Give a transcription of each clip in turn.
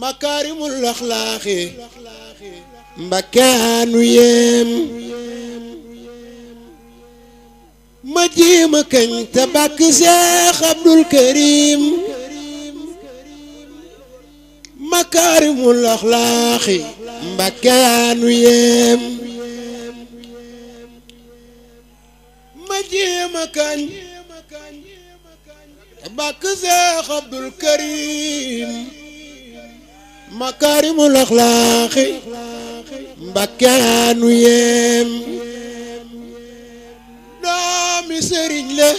makaarimul axlaaxi mbakke anu yem ma jiima kañ te bàkk seex abdul karim makaarimul axlaaxi mbakke anu yem ma jiima kañ te bàkk seex abdul karim makaarimul axlaaxi mbakkaanu yem doomi sëriñ la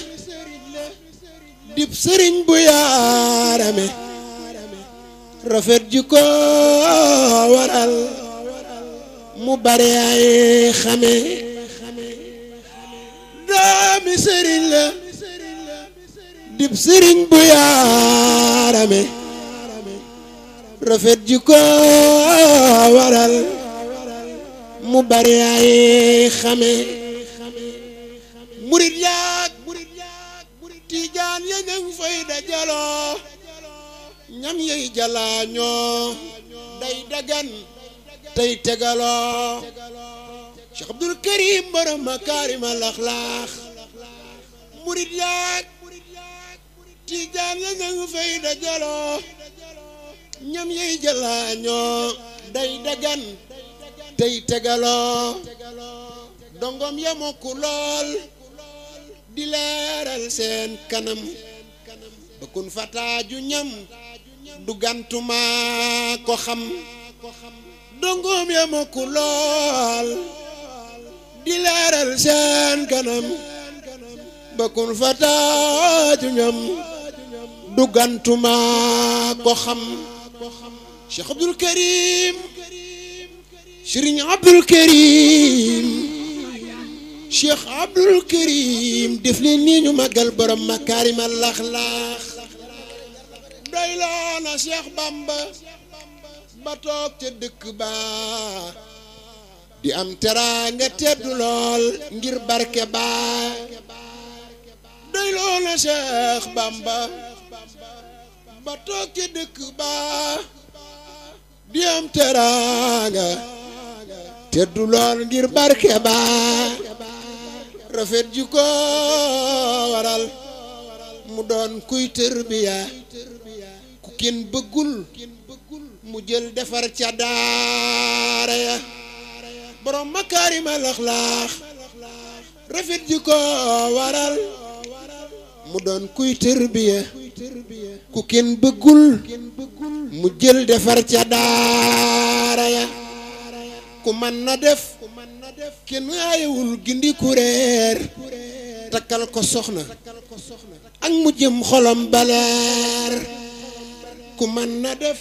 dib sëriñ bu yaarame rafet ji ko waral mu bare ay xame doomi sëriñ la dib sëriñ bu yaarame rafet ji ko waral mu bari ay xame murit yaag tiijaan ya ñaŋ fay dajaloo ñam yey jalaañoo day dagan tey tegaloo Cheikh Abdul Karim borom makaarimal axlaax murit yaag tiijaan ya ñaŋ fay dajaloo ñam yey jëlaañoo day dagan tey tegaloo dongom ya lool di leeral seen kanam bëkkun fataaju ñam du ko xam dongoom ya lool di leeral seen kanam bëkkun fataaju ñam du ko xam Cheikh Abdoul Karim Serigne Abdoul Karim def leen nii ñu màggal borom makaarima lax-laax doy loona Cheikh Bamba ba toog ca dëkk ba di am teraanga teddu lool ngir barke ba doy loona Cheikh Bamba ba toog ci dëkk ba di am teraanga te lool ngir barke ba rafet ji ko waral mu doon kuy tërbiya ku kenn bëggul mu jël defar ca daara ya borom makaarima laxlaax rafet ji ko waral mu doon kuy tërbiya ku kenn bëggul mu jël defar ca daara ya ku man na def kenn aayewul gindi kuréer takkal ko soxna ak mu jëm xolam baleer ku man na def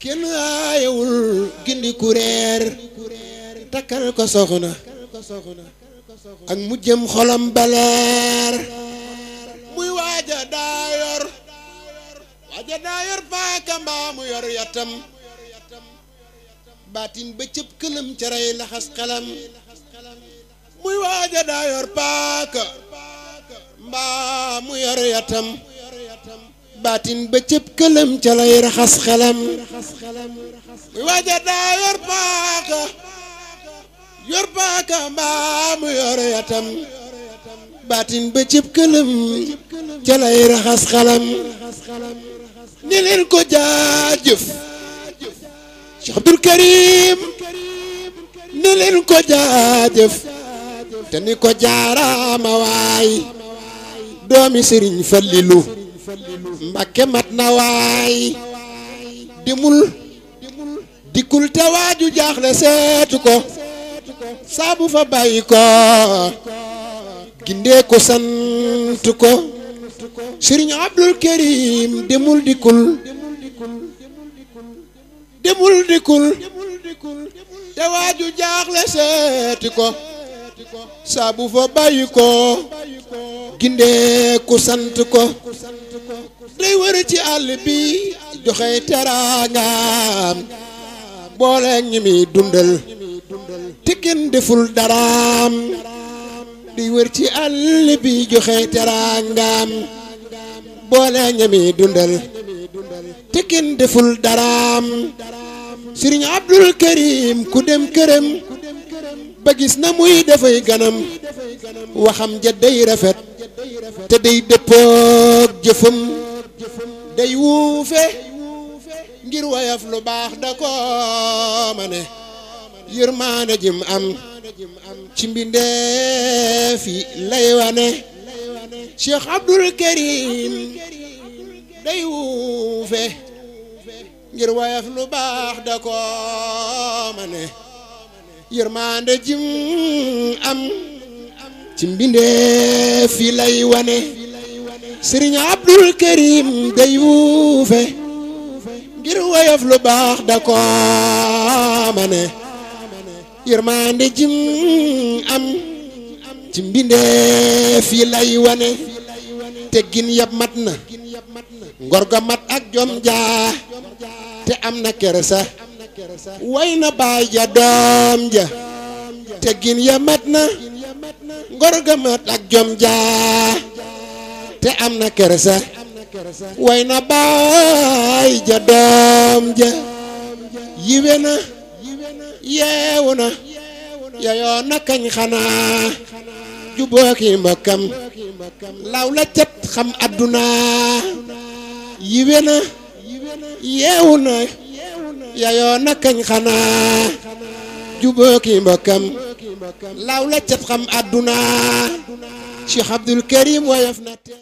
kenn aayewul gindi kuréer takkal ko soxna ak mu jëm xolam baleer muy waaja daara aja daa yor paaka mbaa mu yor yatam baatin ba cëb këlam ca rey laxas xelam muy waaja daa yor paaka mbaa mu yor yatam baatin ba cëb këlam ca lay raxas xelam muy waaja daa yor paaka yor paaka mbaa mu yor yatam baatin ba cëb këlam ca lay raxas xelam ne leen ko jaajëf Cheikh Abdou Karim ne ko jaajëf te ni ko jaaraama waay doomi Serigne Fallilou Mbakke mat na waay dimul dikkul te waaju jaaxle seetu ko saabu fa bàyyi ko gindee ko sant ko Serigne Abdul Karim demul dikul demul dikul te waaju jaaxle seeti ko saabu fa bàyyi ko gindee sant ko day wër ci àll bi joxe teraangaam boole ñi dundal te deful daraam di wër ci àll bi joxe teraangaam boole ñami dundal te kenn deful daraam sëriñ Abdul Karim ku dem këram ba gis na muy dafay ganam waxam ja day rafet te day dëppoog jëfam day wuufe ngir woyof lu baax da ko ma ne yërmaane jim am ci mbindeef yi lay wane Abdul Karim day ngir woyof lu baax da ko mane yërmande jim am ci mbindeef yi lay wane Abdul Karim day ngir woyof lu baax da ko mane yërmande jim am ci mbindeef yi lay wane teggin yab mat na ngor mat ak jom jaa te am na kersa way na baay ja doom ja teggin ya mat na ngor ga mat ak jom jaa te am na kersa way na baay ja doom ja yiwe na yeewu na yeyoo na kañ xanaa jubooki mbokkam law la cet xam adduna yiwe na yeewu na yeyoo kañ xanaa jubooki mbokkam law la cet xam adduna Cheikh Abdul Karim woyof na te